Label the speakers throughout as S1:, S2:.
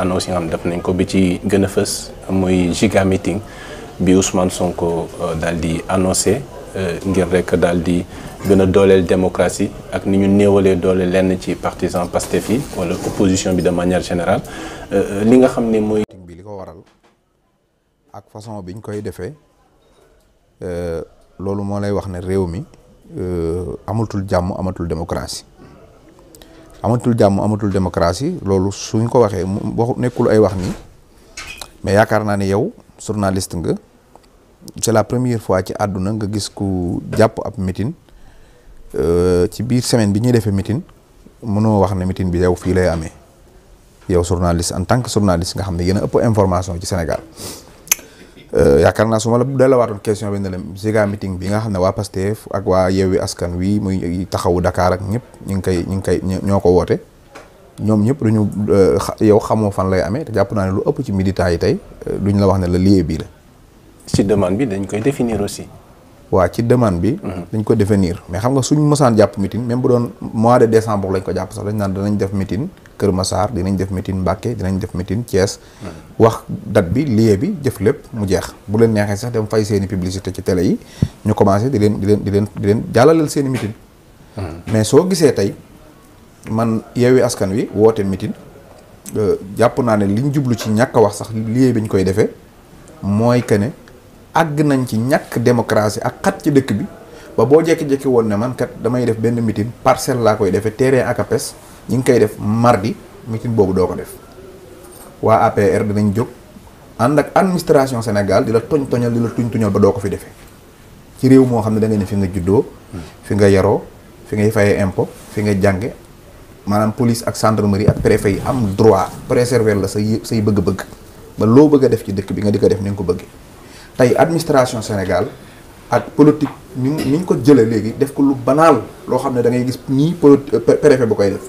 S1: annonce yi nga xam ne def nañ ko bi ci gën a fës mooy giga meeting bi Ousmane Sonko euh, daal di annoncé euh, ngir rek daal di gën a dooleel démocratie ak ni ñu néewalee doole lenn ci partisan Pastef fii wala opposition bi de manière générale euh, li nga xam ne mooy. meeting bi li ko waral
S2: ak façon bi biñ koy defee loolu moo lay wax ne réew mi amatul jàmm amatul démocratie. amatul jàmm amatul démocratie loolu suñ ko waxee wax nekkul ay wax nii mais yaakaar naa ne yow journaliste nga c'est la première fois ci àdduna nga gis ku jàpp ab mitin euh, ci biir semaine bi ñuy defee mitin mënoo wax ne mitin bi yow fii lay amee yow journaliste en tant que journaliste nga xam ne yéen a ëpp information ci Sénégal Euh, yaakaar naa su ma la dalawaatoon question bi ne la Giga meeting bi nga xam ne waa Pastef ak waa Yewwi Askan Wi muy taxawu dakaar ak ñëpp ñu ngi koy ñu ngi koy ñoo ko woote ñoom ñëpp duñu euh, yow xamoo fan lay amee te jàpp naa ne lu ëpp ci militants yi tey euh, duñ la wax ne la lieu bii la. si demande bi dañ koy
S1: définir aussi.
S2: waa ci demande bi. Mhm. dañ ko définir mais xam nga suñ mosaan jàpp meeting même bu doon mois de décembre lañ ko jàpp sax dañ naan danañ def meeting Kër Massar dinañ def meeting Mbacké dinañ def meeting Thiès. Mhm. wax date bi lieu bi jëf lépp mu jeex bu leen neexee sax dem fay seen i publicité ci télé yi ñu commencé di leen di leen di leen di leen jàllaleel seen i mhm. mais soo gisee tey man Yewwi Askan Wi woote meeting euh, jàpp naa ne liñ jublu ci ñàkk wax sax lieu bi ñu koy defee mooy que àgg nañ ci ñàkk démocratie ak xat ci dëkk bi ba boo jekki-jekki woon ne man kat damay def benn meeting parcelle laa koy defee terrain akapes ñi ngi koy def mardi meeting boobu doo ko def waa APR dinañ jóg ànd ak administration Sénégal di la toñ toñal di la tuñ tuñal ba doo ko fi defee ci réew moo xam ne da nga ne fi nga juddoo fi nga yaroo fi ngay fayee impôt fi nga jànge maanaam police ak gendarmerie ak préfet yi am droit préserver la say say bëgg-bëgg ba loo bëgg def ci dëkk bi nga di ko def ni nga ko bëggee tey administration Sénégal ak politique ñu ni ñu ko jëlee léegi def ko lu banaal loo xam ne da ngay gis nii euh, préfet bu koy def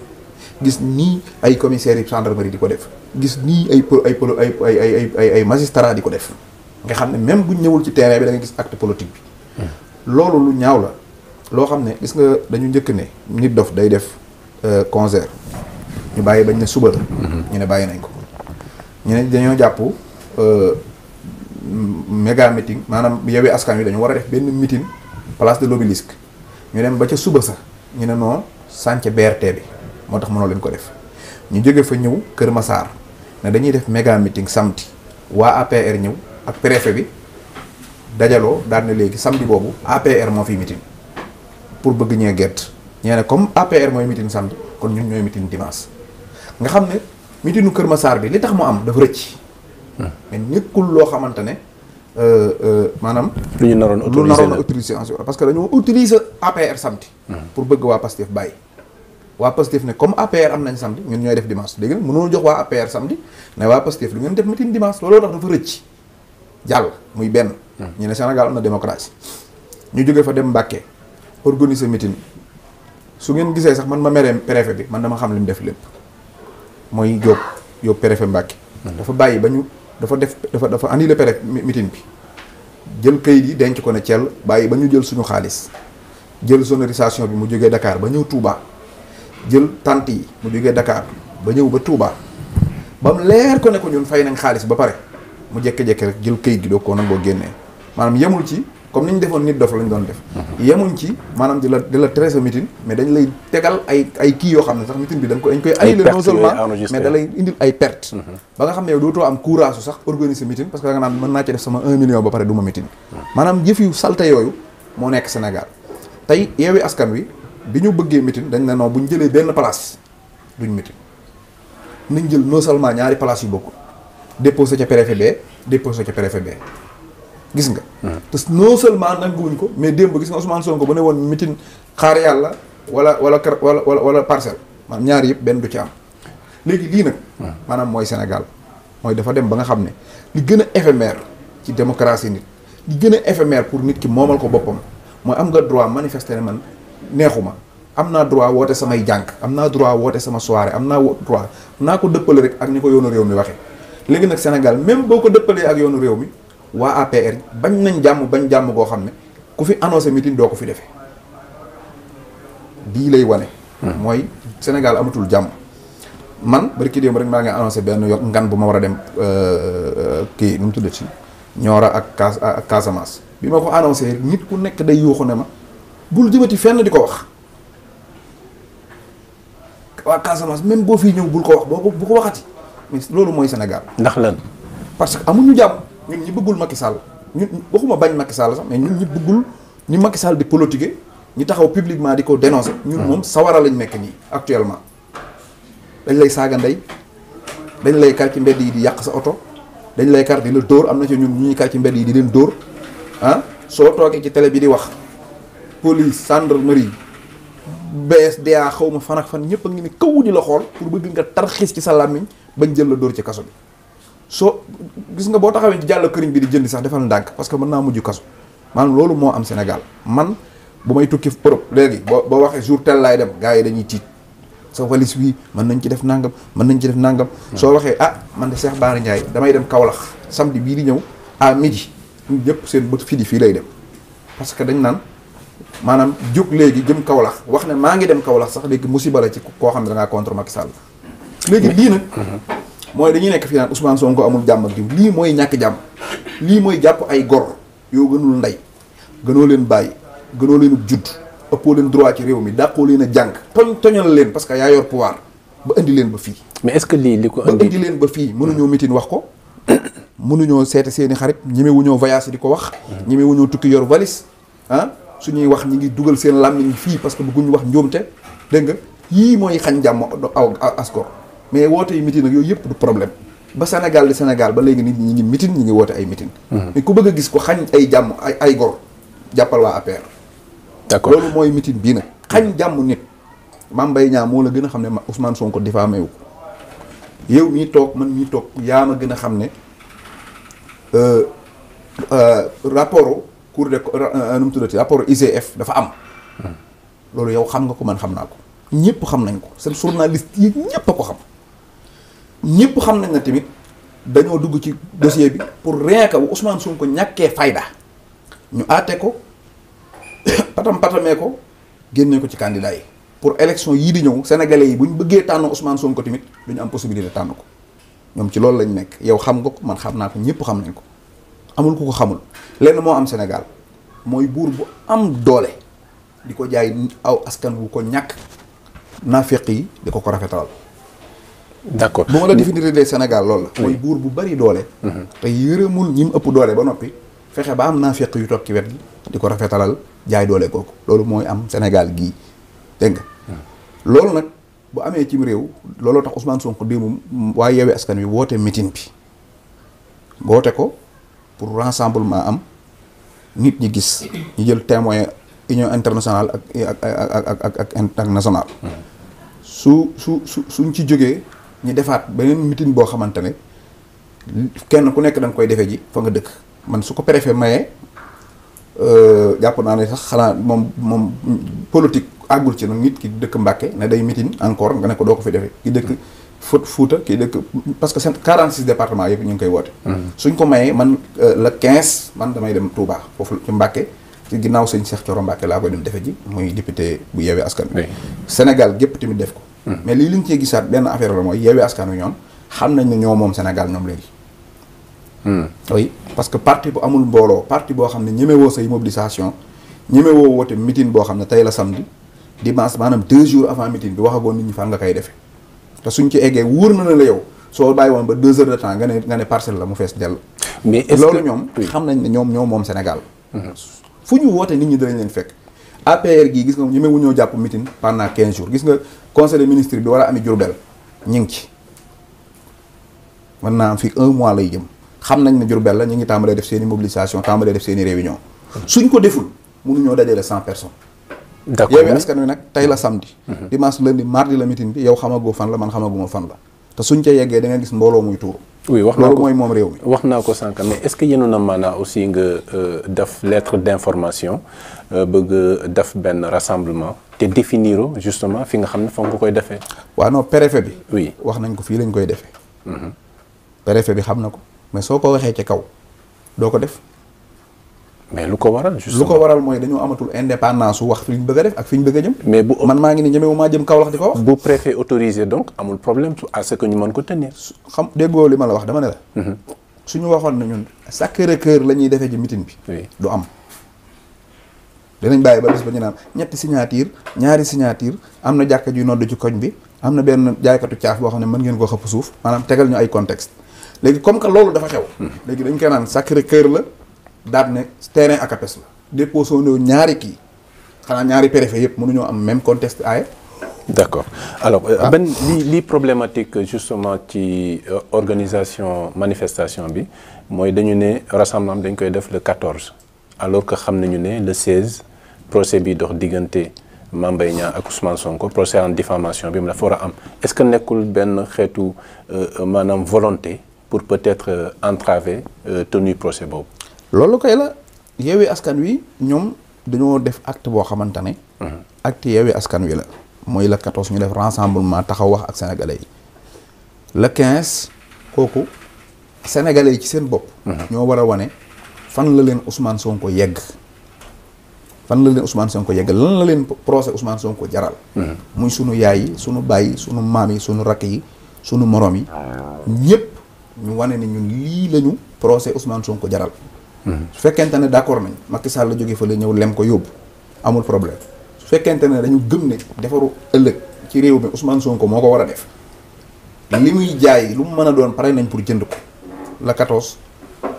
S2: gis nii ay commissaires yi gendarmerie di ko def gis nii ay ay ay ay ay ay magistrats di ko def nga xam ne même bu ñëwul ci terrain bi dangay ngay gis acte politique bi. Hmm. loolu lu ñaaw la loo xam ne gis nga dañu njëkk ne nit dof day def euh, concert ñu bàyyi bañ ne suba la. Hmm. ñu ne bàyyi nañ ko ñu ne dañoo jàpp. Euh, méga meeting maanaam Yewwi Askan Wi dañu war a def benn meeting place de l'Obélisque ñu dem ba ca suba sax ñu ne noo sànc berte bi moo tax mënoo leen ko def ñu jóge fa ñëw Kër Massar ne dañuy def méga meeting samedi waa APR ñëw ak préfet bi dajaloo daan na léegi samedi boobu APR moo fiy meeting pour bëgg ñee gert ñee comme APR mooy meeting samedi kon ñun ñooy meeting dimanche nga xam ne meetingu Kër Massar bi li tax mu am dafa rëcc. mais nekkul loo xamante ne euh, euh, maanaam.
S1: lu ñu naroon autorisé lu naroon
S2: autorisé parce que dañoo autorisé APR samedi. Hmm. pour bëgg waa Pastef bàyyi. waa Pastef ne comme APR am nañ samedi ñun ñooy def dimanche léegi nag mënoo jox waa APR samedi ne waa Pastef lu ngeen def meeting dimanche looloo tax dafa rëcc jàll muy benn. Hmm. ñu ne Sénégal am na démocratie ñu jóge fa dem Mbàkke organiser meeting su ngeen gisee sax man ma meree préfet bi man dama xam li mu def lépp mooy Diop Diop préfet Mbàkke dafa def dafa dafa annulé pere meeting bi jël këyit yi denc ko ne Thiel bàyyi ba ñu jël suñu xaalis jël sonorisation bi mu jógee Dakar ba ñëw Touba jël tant yi mu jógee Dakar ba ñëw ba tuubaa bam mu leer ko ne ñun fay nañ xaalis ba pare mu jékki-jékki rek jël kayit gi doo ko boo génnee maanaam yemul ci. comme ni ñu defoon nit dof lañ doon def mhm. yemuñ ci maanaam di la di la traité mais dañ lay tegal ay ay kii yoo xam ne sax meeting bi dañ koy dañ koy annulé non ay perte mhm. am courage sax organiser meeting parce que da nga naan mën naa ci def sama un million ba pare du ma meeting mhm. maanaam jëf moo nekk Sénégal tey yeewi askan wi bi ñu bëggee meeting dañ ne non bu ñu jëlee benn place duñ meeting nañ jël non seulement ñaari place yu bokk déposé ca préfet bee déposé ca préfet gis nga. te no seulement nanguwuñ ko mais démb gis nga Ousmane Sonko ba ne woon mitin xaar yàlla wala wala kar wala wala parcel maanaam ñaar yëpp benn du ci am léegi lii nag. maanaam mooy Sénégal mooy dafa dem ba nga xam ne li gën a éphémère ci démocratie nit li gën a éphémère pour nit ki moomal ko boppam mooy am nga droit manifester ne man neexuma am naa droit woote samay jànk am naa droit woote sama soirée am naa droit naa ko dëppale rek ak ni ko yoonu réew mi waxee léegi nag Sénégal même boo ko dëppalee ak réew mi. waa APR bañ nañ jàmm bañ jàmm goo xam ne ku fi annoncé meeting doo ko fi defe bii lay wane. Hmm. mooy Sénégal amatul jàmm. man bari ki démb rek maa ngi annoncé benn yo ngan bu ma war a dem euh, euh, kii nu mu tudd ci Nioro ak Cas ak Casamance bi ma ko annoncé nit ku nekk day yuuxu ne ma bul jëmati fenn di ko wax. waa Casamance même boo fi ñëw bul ko wax boo ko bu ko waxati loolu mooy Sénégal. ndax lan parce que amuñu jàmm. ñun ñi bëggul Macky Sall ñun waxuma bañ Macky Sall sax mais ñun ñi bëggul ni Macky Sall di politiquer ñu taxaw publiquement di ko dénoncer. ñun moom sawaral lañ nekk nii actuellement. dañ lay saaga ndey dañ lay kar ci mbedd yi di yàq sa oto dañ lay kar di la dóor am na ci ñun ñu ñuy kar ci mbedd yi di leen dóor ah soo toogee ci tele bi di wax police gendarmerie BSDA xaw ma fan ak fan ñëpp a ngi ne kaw di la xool pour bëgg nga tarxiis ci sa làmmiñ bañ jël la dóor ci kaso bi. soo gis nga boo taxawee ci jàll këriñ bi di jëndi sax defal ndànk parce que mën naa mujj kasu maanaam loolu moo am Sénégal man bu may tukki Europe léegi boo boo waxee jour tel laay dem gars yi dañuy tiit sa valise bi mën nañ ci def nangam mën nañ ci def nangam. Hmm. soo waxee ah man de Cheikh Bara Ndiaye damay dem Kaolack samedi bii di ñëw à midi ñëpp seen bët fii di fii lay dem parce que dañ naan maanaam jóg léegi jëm Kaolack wax ne maa ngi dem Kaolack sax léegi musiba la ci koo xam ne da ngaa contre léegi lii nag. Hmm. mooy dañuy nekk fi naan Ousmane Sonko amul jàmm ak diw lii mooy ñàkk jàmm lii mooy jàpp ay gor yoo gënul ndey gënoo leen bàyyi gënoo leen judd ëppoo leen droit ci réew mi dàqoo leen a jàng toñ toñal leen parce que yaa yor pouvoir ba indi leen ba fii mais est-ce que lii li ko indi ba indi leen ba fii mënuñoo mitin wax ko mënuñoo seete seeni xarit ñemewuñoo voyage di ko wax ñemewuñoo tukki yor valise ah suñuy wax ñi ngi dugal seen làmmiñ fii parce que bëgguñu wax njuumte dégg nga yii mooy xañ jàmm aw asgor mais woote yi meeting nag yooyu yëpp du problème ba Sénégal di Sénégal ba léegi nit ñi ngi meeting ñi ngi woote ay meeting mhm. mais ku bëgg a gis ko xañ ay jàmm ay ay gor jàppal waa APR d'accord loolu mooy meeting bii nag xañ jàmm nit Mame Mbaye Niang moo la gën a xam ne Ousmane Sonko diffamé wu ko yow mii toog man mii toog yaa ma gën a xam ne euh, euh, rapport cour de euh, nu mu tuddati rapport IGF dafa am mhm. loolu yow xam nga ko man xam naa ko ñëpp xam nañ ko seen journaliste yi ñëpp a ko xam ñëpp xam nañ na tamit dañoo dugg ci dossier bi pour rien que Ousmane ko ñàkkee fayda ñu aate ko patam patamee ko génnee ko ci candidat yi pour élection yii di ñëw sénégalais yi bu ñu bëggee tànn Ousmane ko tamit du ñu am possibilité tànn ko ñoom ci loolu lañu nekk yow xam nga ko man xam naa ko ñëpp xam nañ ko amul ku ko xamul lenn moo am senegal mooy buur bu am doole di ko jaay aw askan wu ko ñàkk naafeq yi di ko ko rafetal d' accord bu ma la définir de Sénégal loolu la. mooy buur bu bari doole. Mhm. te yërëmul ñi mu ëpp doole ba noppi fexe ba am naa feq yu toog wet gi di ko rafetalal jaay doole kooku loolu mooy am Sénégal gii dégg nga. Mhm. loolu nag bu amee cim réew looloo tax Ousmane Sonko démb waaye yeewee askan wi woote meeting bi woote ko pour rassemblement am nit ñi gis ñu jël témoin union international ak ak ak ak ak national mhm. su su su suñ ci jógee. ñu defaat beneen meeting boo xamante ne kenn ku nekk da koy defee ji fa nga dëkk man su ko préfet mayee euh, jàpp naa ne sax xanaa moom moom politique àggul ci nag nit ki dëkk Mbàkke ne day meeting encore nga ne ko doo ko fi defee ki dëkk fut Fuuta kii dëkk parce que seen 46 départements yëpp ñu ngi koy woote. Mm-hmm. suñ ko mayee man euh, la 15 man damay dem Touba foofu ci Mbàkke ci ginnaaw sëñ Cheikh Thioro Mbàkke laa koy dem defe ji muy député bu yeewee askan Sénégal gépp tamit def ko. mais lii liñ cee gisaat benn affaire la mooy yeewee askan wi ñoom xam nañ ne ñoo moom Sénégal ñoom léegi. Hmm. oui parce que parti bu amul mbooloo parti boo xam ne ñemewoo say mobilisation ñemewoo woote meeting boo xam ne tey la samedi dimanche maanaam deux jours avant meeting bi waxagoon nit ñi fan nga koy defee. suñ ci eggee na la yow soo bàyyi woon ba de temps nga ne nga la mu fees dell. mais est ñoom xam nañ ne ñoom ñoo moom Sénégal. Hmm. fu ñu woote nit ñi danañ leen fekk. APR gi gis nga ñemewuñoo jàpp mitin pendant quinze jours gis nga conseil des ministres bi war a amee Jurbel ñu ngi ci mën naa am fii un mois lay jëm xam nañ ne Jurbel la ñu ngi tàmbalee def seeni i mobilisation tàmbalee def seen i réunion suñ ko deful mënuñoo dajale cent personnes. d'accord Yewwi Askan Wi nag tey la samedi. Mhm. dimanche lundi mardi la meeting bi yow xamagoo fan la man xamaguma fan la te suñ ca yeggee da nga gis mbooloo muy tuur. oui wax naa ko mooy moom réew mi. wax naa ko sànq
S1: mais est-ce que yéen na maanaa aussi nga euh, def lettre d'information euh, bëgg def benn rassemblement te définir justement fi nga xam ne foog nga koy defee. waaw non préfet bi. oui wax nañ ko fii lañ koy defee. Mhm.
S2: préfet bi xam na ko mais soo ko waxee ci kaw doo ko def. mais lu ko waral justement ko waral mooy dañoo amatul indépendance su wax fi ñu bëgg a def ak fi ñu bëgg a jëm. mais bu man maa ngi ne ñemewu maa jëm Kaolack di ko wax. bu préfet autorisé donc amul problème à ce que ñu mën ko tenir. xam déggoo li ma wax dama ne la. Mhm. suñu waxoon na ñun Sacré-Cœur la ñuy defee ci meeting bi. oui du am. danañ bàyyi ba bis ba ñu naan ñetti signature ñaari signature am na jàkka ju nodd ci koñ bi am na benn jaaykatu caaf boo xam ne mën ngeen ko xëpp suuf maanaam tegal ñu ay contexte léegi comme que loolu dafa xew. Mhm. léegi dañ koy naan Sacré-Cœur la daal ne terrain ACAPES la déposé woon ñaari kii xanaa ñaari préfet yëpp mënuñoo am même conteste ay e.
S1: d' accord alors euh, benn li li problématique justement ci euh, organisation manifestation bi mooy dañu ne rassemblement dañ koy def le 14 alors que xam nañu ne le 16 procès bi dox diggante Mame Mbaye Niang ak Ousmane Sonko procès en diffamation bi mu la war a am est ce que nekkul benn xeetu euh, maanaam volonté pour peut être entraver tenu procès boobu. loolu koy la yeewee
S2: askan wi ñoom dañoo def act boo xamante ne. Uh-huh. acte yeewee askan wi la. mooy le 14 ñu def rassemblement taxaw wax ak sénégalais yi le 15 kooku sénégalais yi ci seen bopp. Uh-huh. ñoo war a wane fan la leen Ousmane Sonko yegg. fan la leen Ousmane Sonko yegg lan la leen procès Ousmane Sonko jaral. Uh-huh. muy sunu yaay yi sunu baay yi sunu maam yi sunu rakk yi sunu moroom yi. Ah. ñëpp ñu wane ne ñu lii lañu procès Ousmane Sonko jaral. su fekkente ne d' accord nañ Macky Sall la jógee fa la ñëw lem ko yóbbu amul problème su fekkente ne dañu gëm ne defaru ëllëg ci réew mi Ousmane ko moo ko war a def li muy jaay lu mu mën a doon pare nañ pour jënd ko la 14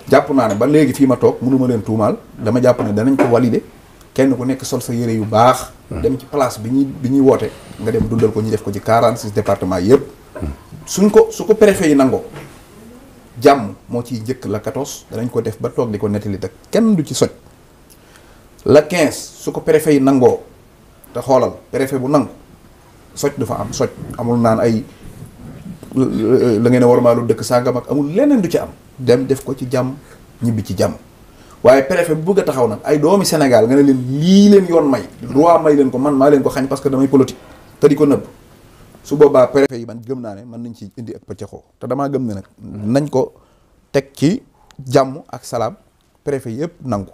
S2: jàpp naa ne ba léegi fii ma toog mënuma leen tuumaal dama jàpp ne danañ ko valider kenn ku nekk sol sa yére yu baax. dem ci place bi ñuy bi ñuy woote. nga dem dundal ko ñu def ko ci quarant 46 département yëpp. suñ ko su ko préfet yi nangoo. jàmm moo ciy njëkk la 14 danañ ko def ba toog di ko nettali te kenn du ci soj la 15 su ko préfet yi nangoo te xoolal préfet bu nangu soj du fa am soj amul naan ay la ngeen a warmaalu dëkk sàngam ak amul leneen du ci am dem def ko ci jàmm ñibbi ci jàmm waaye préfet bu bëgg a taxaw nag ay doomi Sénégal nga ne leen lii leen yoon may droit may leen ko man maa leen ko xañ parce que damay politique te di ko nëbb su boobaa préfet yi man gëm naa ne mën nañ ci indi ak pëccëxoo te damaa gëm ni nag nañ ko teg ci jàmm ak salaam préfet yëpp nangu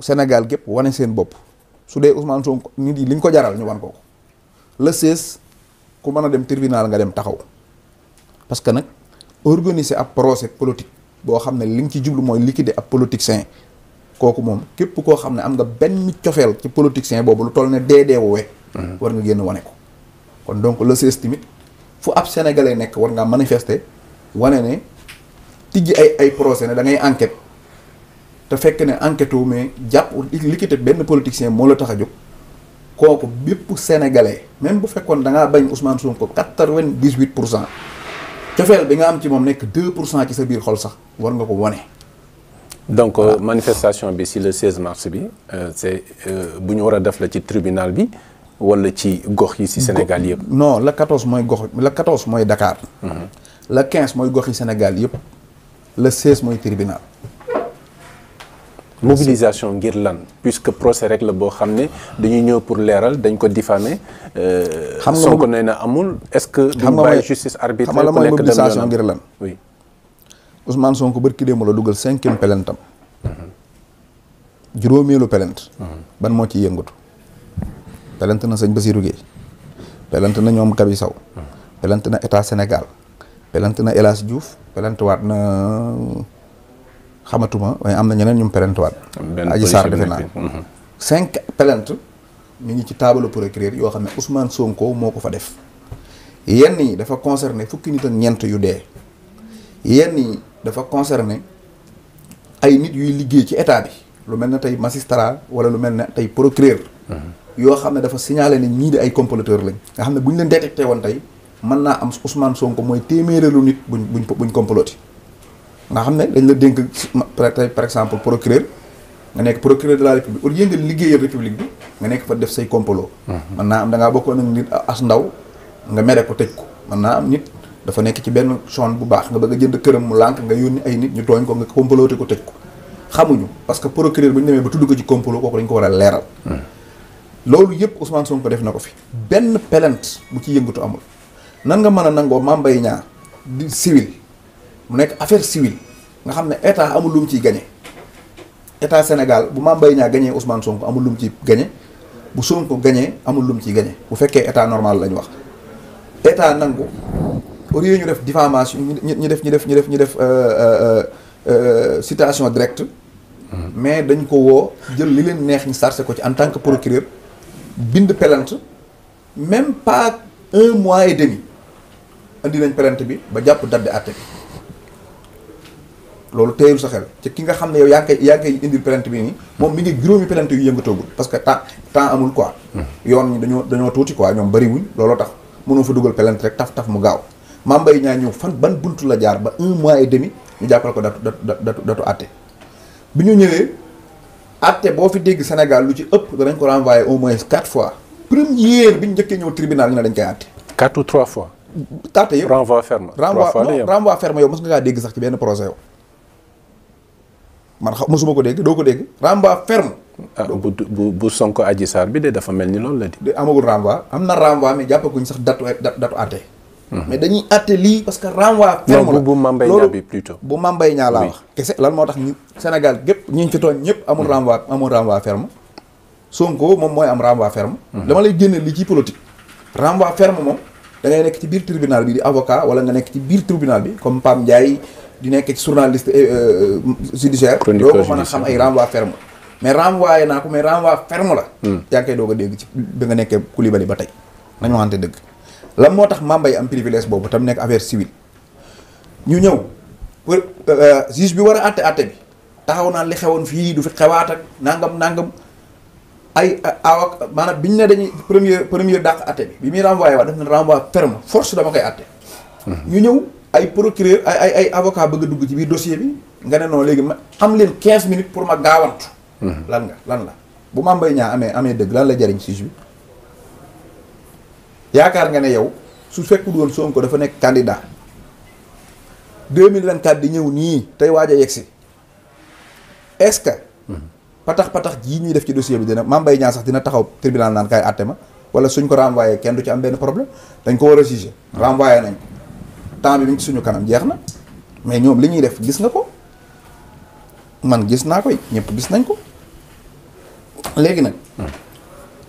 S2: Sénégal gépp wane seen bopp su dee Ousmane Sonko nit yi liñ ko jaral ñu wan ko ko le 16 ku mën a dem tribunal nga dem taxaw parce que nag organiser ab procès politique boo xam ne li nga ci jublu mooy liquider ab politicien kooku moom képp koo xam ne am nga benn cofeel ci politicien boobu lu toll ne dee dee deedeewuwe mhm. war nga génn wane ko kon donc le CES tamit fu ab sénégalais nekk war ngaa manifester wane ne tijji ay ay procès ne da ngay enquête te fekk ne enquête wu mais jàpp liquide benn politicien moo la tax a jóg kooku bépp sénégalais même bu fekkoon da ngaa bañ Ousmane Sonko quatre-vingt-dix-huit pour cent cofeel bi nga am ci moom nekk deux pour cent ci sa biir xol sax war nga ko wane
S1: donc euh, manifestation bi si le 16 mars bi euh, c'est euh, bu ñu war a def la ci tribunal bi wala ci gox yi ci Sénégal yëpp.
S2: non la 14 mooy gox la 14 mooy
S1: dakaar la 15 mooy gox
S2: yi Sénégal yëpp. le 16 mooy tribunal.
S1: mobilisation ngir lan puisque procès rek la boo xam ne dañuy ñëw pour leeral dañ ko diffamer. Euh, xam nga soo ko nee na amul est-ce que. xam nga bàyyi justice arbitraire ku nekk mooy mobilisation
S2: ngir la dugal cinquième pelentam. Mhm. juróomeelu pelent. Mhm. ban moo ci yëngatu. pelante na sëñ Bassirou Guèye pelante na ñoom Kabi Sow pelante na état Sénégal pelante na El Hadj Diouf pelante waat na xamatuma waaye am na ñeneen ñum mu waat Adji Sarr defe naa mhm. cinq pelante ñu ngi ci taabalu procureur yoo xam ne Ousmane Sonko moo ko fa def yenn yi dafa concerné fukki nit ak ñeent yu dee yenn yi dafa concerné ay nit yuy liggéey ci état bi lu mel ne tey magistrat wala lu mel ne tey procureur mhm. yoo xam ne dafa signalé ne ñii de ay comploteur lañ nga xam ne bu ñu leen détecté woon tey mën naa am Ousmane Sonko mooy téeméeralu nit buñ buñ buñ comploté nga xam ne dañ la dénk tey par exemple procureur nga nekk procureur de la république au lieu nga liggéeyal république bi nga nekk fa def say complot mhm. mën naa am da ngaa bokkoon ak nit as ndaw nga mere ko tëj ko mën naa am nit dafa nekk ci benn son bu baax nga bëgg a jënd këram mu lànk nga yónni ay nit ñu tooñ ko nga comploté ko tëj ko xamuñu parce que procureur bu ñu demee ba tudd ko ci complot kooku dañ ko war a leeral mhm. loolu yëpp Ousmane ko def na ko fi benn plainte bu ci yëngatu amul nan nga mën a nangoo Mame Mbaye Niang di civil mu nekk affaire civile nga xam ne état amul lu mu ciy gagné état Sénégal bu Mame Mbaye Niang gagné Ousmane amul lu mu ciy gagné bu Sonko gagné amul lu mu ciy gagné bu fekkee état normal lañ wax état nangu au lieu ñu def diffamation ñu def ñu def ñu def ñu def euh, euh, euh, citation direct hmm. mais dañ ko woo jël li leen neex ñu chargé ko ci en tant que procureur bind pelante même pas un mois et demi indi nañ pelante bi ba jàpp date de àtte bi loolu teeyul sa xel ci ki nga xam ne yow yaa ngi koy yaa ngi koy indil pelante bi nii moom mi ngi juróomi pelante yu yëngatoogul parce que temps temps amul quoi. yoon ñi dañoo dañoo tuuti quoi ñoom bëriwuñ looloo tax mënoo fa dugal pelante rek taf taf mu gaaw Mame Mbaye ñaa ñëw fan ban buntu la jaar ba un mois et demi ñu jàppal ko datu datu datu datu àtte bi ñu ñëwee. atte boo fi dégg Sénégal lu ci ëpp danañ ko renvoyé au moins quatre fois première bi ñu njëkkee ñëw tribunal ñu ne dañ koy atte quatre ou trois fois
S1: atte yëpp renvoi ferme renvoi renvoi
S2: ferme yow mos nga kaa dégg sax benn projet man xam masuma ko dégg doo ko dégg renvoi ferme ah, bu bu bu Sonko Adji Sarr bi de dafa mel ni loolu la di amagul renvoi am na renvoi mais jàppaguñ sax datu datu atte Mhm. mais dañuy àtte lii parce que renvoi ferme la bu Mambay Niang bi plutôt bu Mambay Niang laa wax kese lan moo tax ñu Sénégal gépp ngi ci tooñ ñëpp amul mhm. renvoi amul renvoi ferme Sonko moom mooy am renvoi ferme mhm. dama lay génne li ci politique renvoi ferme moom da ngay nekk ci biir tribunal bi di avocat wala nga nekk ci biir tribunal bi comme Pam Ndiaye di nekk ci journaliste euh, euh, judiciaire doo ko mën a xam ay renvoi ferme mais renvoyé naa ko mais renvoi ferme la hmm. yaa ngi dégg ci ba nga nekkee Coulibaly ba tey nañu waxante dëgg lan moo tax yi am privilège boobu tam nekk affaire civile ñu ñëw pour euh, juge bi war a àtte àtte bi taxaw naa li xewoon fii du fi xewaat ak nangam nangam ay awak maanaam bi ñu ne dañuy premier premier dàq àtte bi bi muy renvoyé waa def na renvoi ferme force dama koy àtte. Hmm. ñu ñëw ay procureur ay ay ay avocat bëgg a dugg ci biir dossier bi nga ne non léegi ma am leen 15 minutes pour ma gaawantu. Hmm. lan nga lan la bu mambay ñaa amee amee dëgg lan la jariñ juge yaakaar nga ne yow su fekkul woon Sonko dafa nekk deux candidat 2024 di ñëw nii tey waaj a yegsi est-ce que patax patax jii ñuy def ci dossier bi dina Mame Mbaye Niang sax dina taxaw tribunal naan kaay àtte ma wala suñ ko renvoyé kenn du ci am benn problème dañ ko war a jugé. renvoyé nañ temps bi mi suñu kanam jeex na mais ñoom li ñuy def gis nga ko man gis naa koy ñëpp gis nañ ko léegi nag.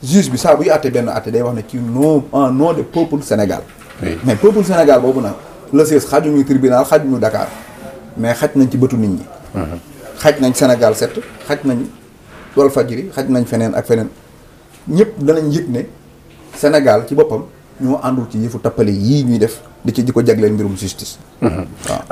S2: juge bi saa buy àtte benn àtte day wax na ci nom un nom de peuple Sénégal. mais peuple Sénégal boobu nag le siège xajuñu tribunal xajuñu dakaar mais xaj nañ ci bëtu nit ñi. Uh-huh. xaj nañ Sénégal set xaj nañ Walfadjri xaj nañ feneen ak feneen ñëpp danañ yëg ne Sénégal ci
S1: boppam ñoo àndul ci yëfu tappale yii ñuy def di ci di ko jagleel mbirum justice. Uh-huh. waaw.